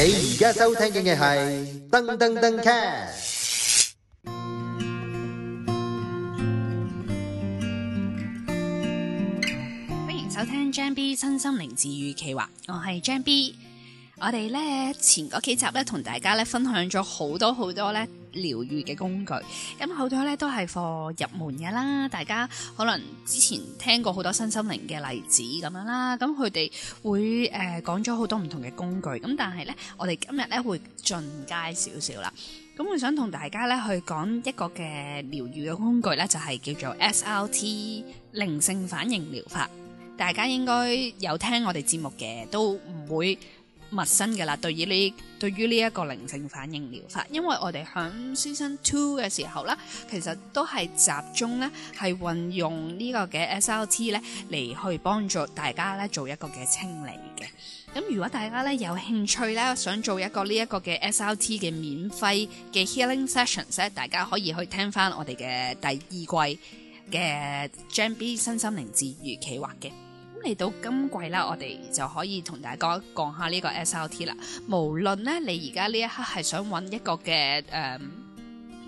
你而家收聽嘅係噔噔噔 cast，歡迎收聽張 B 新心靈治愈企劃，我係張 B。我哋咧前嗰幾集咧，同大家咧分享咗好多好多咧療愈嘅工具。咁好多咧都係課入門嘅啦。大家可能之前聽過好多身心靈嘅例子咁樣啦。咁佢哋會誒講咗好多唔同嘅工具。咁但係咧，我哋今日咧會進階少少啦。咁我想同大家咧去講一個嘅療愈嘅工具咧，就係、是、叫做 S.R.T. 靈性反應療法。大家應該有聽我哋節目嘅，都唔會陌生嘅啦，對於呢，對於呢一個靈性反應療法，因為我哋響 Season Two 嘅時候咧，其實都係集中咧，係運用個呢個嘅 SRT 咧嚟去幫助大家咧做一個嘅清理嘅。咁、嗯、如果大家咧有興趣咧，想做一個呢一個嘅 SRT 嘅免費嘅 Healing Sessions 咧，大家可以去聽翻我哋嘅第二季嘅 Gem B 身心靈智與企畫嘅。嚟到今季啦，我哋就可以同大家講下呢個 SRT 啦。無論咧，你而家呢一刻係想揾一個嘅誒、呃、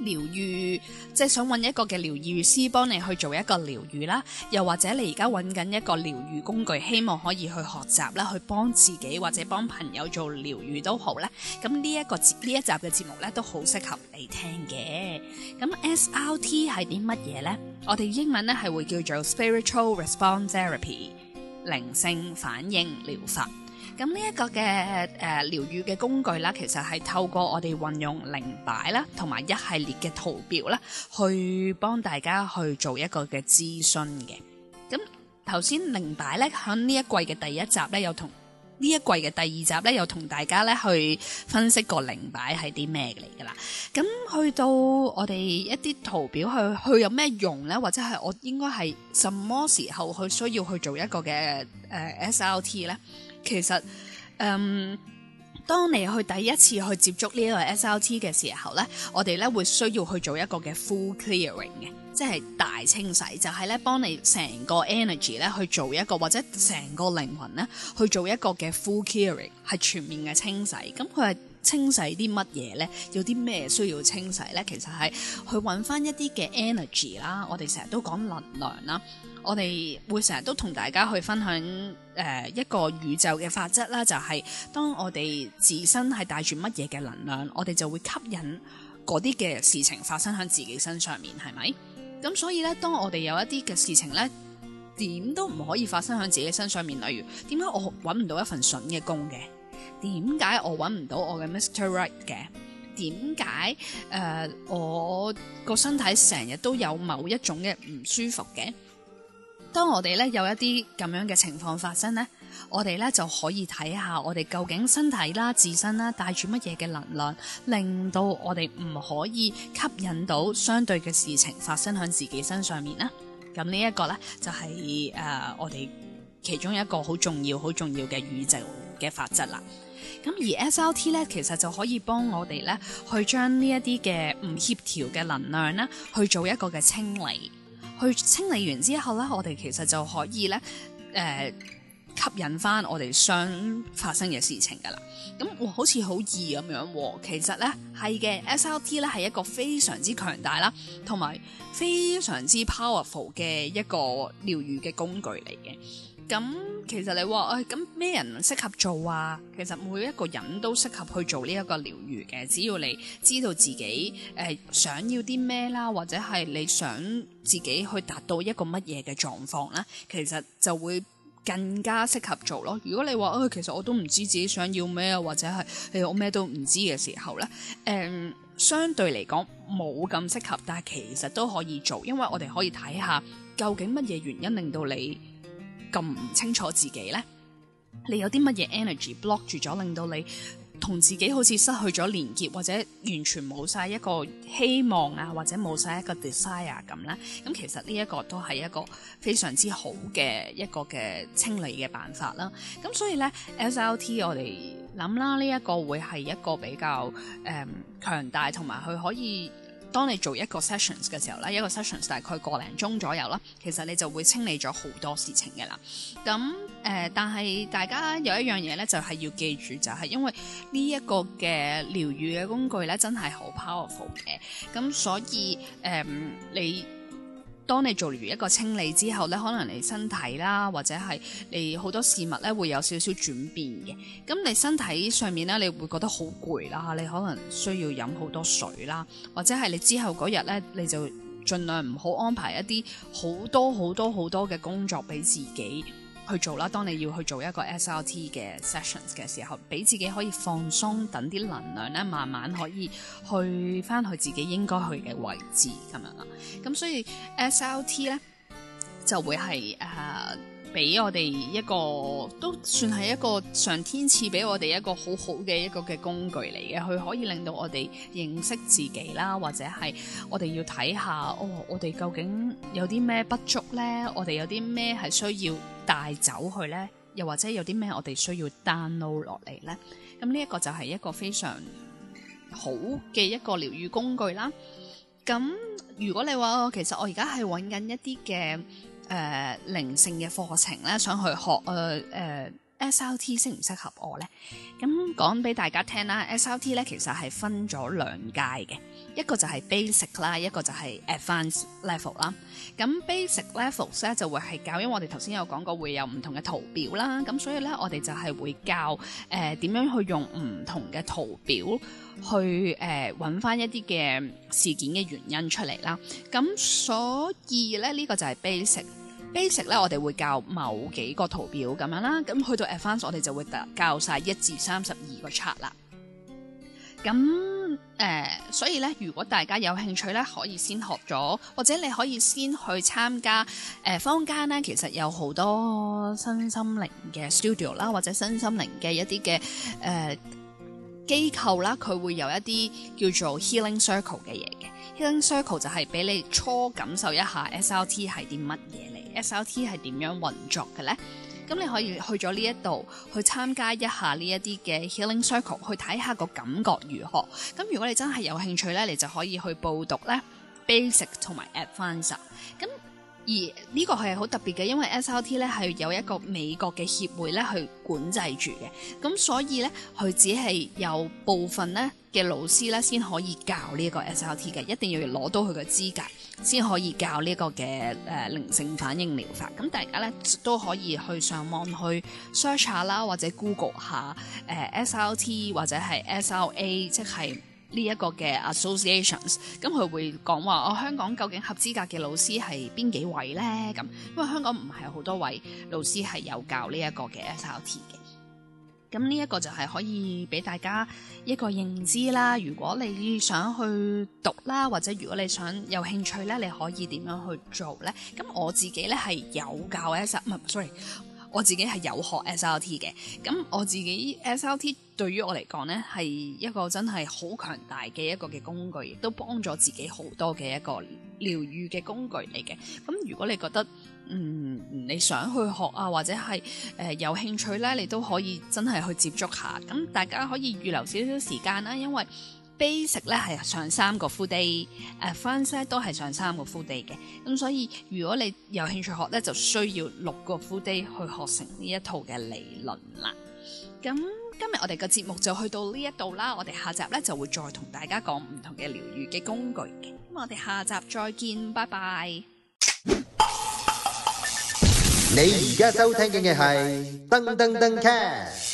療愈，即係想揾一個嘅療愈師幫你去做一個療愈啦，又或者你而家揾緊一個療愈工具，希望可以去學習啦，去幫自己或者幫朋友做療愈都好啦。咁呢一個呢一集嘅節目咧，都好適合你聽嘅。咁 SRT 係啲乜嘢呢？我哋英文咧係會叫做 Spiritual Response Therapy。靈性反應療法，咁呢一個嘅誒、呃、療愈嘅工具啦，其實係透過我哋運用靈擺啦，同埋一系列嘅圖表啦，去幫大家去做一個嘅諮詢嘅。咁頭先靈擺咧，響呢一季嘅第一集咧，有同。呢一季嘅第二集呢，又同大家呢去分析個零擺係啲咩嚟㗎啦。咁去到我哋一啲圖表去去有咩用呢？或者係我應該係什麼時候去需要去做一個嘅誒 SLT 呢？其實，嗯、呃，當你去第一次去接觸呢個 SLT 嘅時候呢，我哋呢會需要去做一個嘅 full clearing 嘅。即係大清洗，就係咧，幫你成個 energy 咧去做一個，或者成個靈魂咧去做一個嘅 full clearing，係全面嘅清洗。咁佢係清洗啲乜嘢咧？有啲咩需要清洗咧？其實係去搵翻一啲嘅 energy 啦。我哋成日都講能量啦，我哋會成日都同大家去分享誒一個宇宙嘅法則啦，就係當我哋自身係帶住乜嘢嘅能量，我哋就會吸引嗰啲嘅事情發生喺自己身上面，係咪？咁所以咧，當我哋有一啲嘅事情咧，點都唔可以發生喺自己身上面，例如點解我搵唔到一份筍嘅工嘅？點解我搵唔到我嘅 Mr. Right 嘅？點解誒我個身體成日都有某一種嘅唔舒服嘅？當我哋咧有一啲咁樣嘅情況發生咧。我哋咧就可以睇下，我哋究竟身體啦、自身啦帶住乜嘢嘅能量，令到我哋唔可以吸引到相對嘅事情發生喺自己身上面啦。咁、嗯這個、呢一個咧就係、是、誒、呃、我哋其中一個好重要、好重要嘅宇宙嘅法則啦。咁、嗯、而 SRT 咧，其實就可以幫我哋咧去將呢一啲嘅唔協調嘅能量啦，去做一個嘅清理。去清理完之後咧，我哋其實就可以咧誒。呃吸引翻我哋想發生嘅事情噶啦，咁哇好似好易咁樣喎、啊。其實呢，係嘅，SLT 咧係一個非常之強大啦，同埋非常之 powerful 嘅一個療愈嘅工具嚟嘅。咁其實你話誒，咁、哎、咩人適合做啊？其實每一個人都適合去做呢一個療愈嘅，只要你知道自己誒、呃、想要啲咩啦，或者係你想自己去達到一個乜嘢嘅狀況啦，其實就會，更加適合做咯。如果你話啊、哎，其實我都唔知自己想要咩，或者係誒、哎、我咩都唔知嘅時候咧，誒、um, 相對嚟講冇咁適合，但係其實都可以做，因為我哋可以睇下究竟乜嘢原因令到你咁唔清楚自己咧？你有啲乜嘢 energy block 住咗，令到你？同自己好似失去咗連結，或者完全冇晒一個希望啊，或者冇晒一個 desire 咁啦。咁其實呢一個都係一個非常之好嘅一個嘅清理嘅辦法啦。咁所以呢，SLT 我哋諗啦，呢、這、一個會係一個比較誒、嗯、強大，同埋佢可以。當你做一個 sessions 嘅時候咧，一個 sessions 大概個零鐘左右啦，其實你就會清理咗好多事情嘅啦。咁誒、呃，但係大家有一樣嘢咧，就係要記住，就係、是、因為呢一個嘅療癒嘅工具咧，真係好 powerful 嘅。咁所以誒、呃，你。當你做完一個清理之後咧，可能你身體啦，或者係你好多事物咧會有少少轉變嘅。咁你身體上面咧，你會覺得好攰啦，你可能需要飲好多水啦，或者係你之後嗰日咧，你就盡量唔好安排一啲好多好多好多嘅工作俾自己。去做啦！當你要去做一個 SLT 嘅 sessions 嘅時候，俾自己可以放鬆，等啲能量咧，慢慢可以去返去自己應該去嘅位置咁樣咯。咁所以 SLT 咧就會係誒。Uh, 俾我哋一個都算係一個上天賜俾我哋一個好好嘅一個嘅工具嚟嘅，佢可以令到我哋認識自己啦，或者係我哋要睇下，哦，我哋究竟有啲咩不足咧？我哋有啲咩係需要帶走去咧？又或者有啲咩我哋需要 download 落嚟咧？咁呢一個就係一個非常好嘅一個療癒工具啦。咁、嗯、如果你話，其實我而家係搵緊一啲嘅。誒、呃、靈性嘅課程咧，想去學誒誒 SRT 適唔適合我咧？咁講俾大家聽啦，SRT 咧其實係分咗兩階嘅，一個就係 basic 啦，一個就係 advanced level 啦。咁 basic levels 咧就會係教，因為我哋頭先有講過會有唔同嘅圖表啦，咁所以咧我哋就係會教誒點、呃、樣去用唔同嘅圖表去誒揾翻一啲嘅事件嘅原因出嚟啦。咁所以咧呢、呢個就係 basic。basic 咧，我哋會教某幾個圖表咁樣啦。咁去到 advance 我哋就會教晒一至三十二個 chart 啦。咁誒、呃，所以咧，如果大家有興趣咧，可以先學咗，或者你可以先去參加誒、呃、坊間咧，其實有好多身心靈嘅 studio 啦，或者身心靈嘅一啲嘅誒機構啦，佢會有一啲叫做 healing circle 嘅嘢嘅 healing circle 就係俾你初感受一下 SRT 係啲乜嘢嚟。SRT 係點樣運作嘅咧？咁你可以去咗呢一度去參加一下呢一啲嘅 healing circle，去睇下個感覺如何。咁如果你真係有興趣咧，你就可以去報讀咧 basic 同埋 advanced。咁而呢、這個係好特別嘅，因為 SRT 咧係有一個美國嘅協會咧去管制住嘅，咁所以咧佢只係有部分咧嘅老師咧先可以教呢個 SRT 嘅，一定要攞到佢嘅資格先可以教呢個嘅誒靈性反應療法。咁大家咧都可以去上網去 search 下啦，或者 Google 下誒、呃、SRT 或者係 SRA，即係。呢一個嘅 associations，咁、嗯、佢會講話哦，香港究竟合資格嘅老師係邊幾位咧？咁、嗯、因為香港唔係好多位老師係有教呢一個嘅 SRT 嘅。咁呢一個就係可以俾大家一個認知啦。如果你想去讀啦，或者如果你想有興趣咧，你可以點樣去做咧？咁、嗯、我自己咧係有教 SRT 唔係 sorry。我自己係有學 SRT 嘅，咁我自己 SRT 對於我嚟講呢，係一個真係好強大嘅一個嘅工具，亦都幫咗自己好多嘅一個療愈嘅工具嚟嘅。咁如果你覺得，嗯，你想去學啊，或者係誒、呃、有興趣呢，你都可以真係去接觸下。咁大家可以預留少少時間啦，因為，basic 咧係上三個 full day，誒 French 咧都係上三個 full day 嘅，咁所以如果你有興趣學咧，就需要六個 full day 去學成呢一套嘅理論啦。咁今日我哋嘅節目就去到呢一度啦，我哋下集咧就會再同大家講唔同嘅療愈嘅工具。咁我哋下集再見，拜拜。你而家收聽緊嘅係噔噔噔 c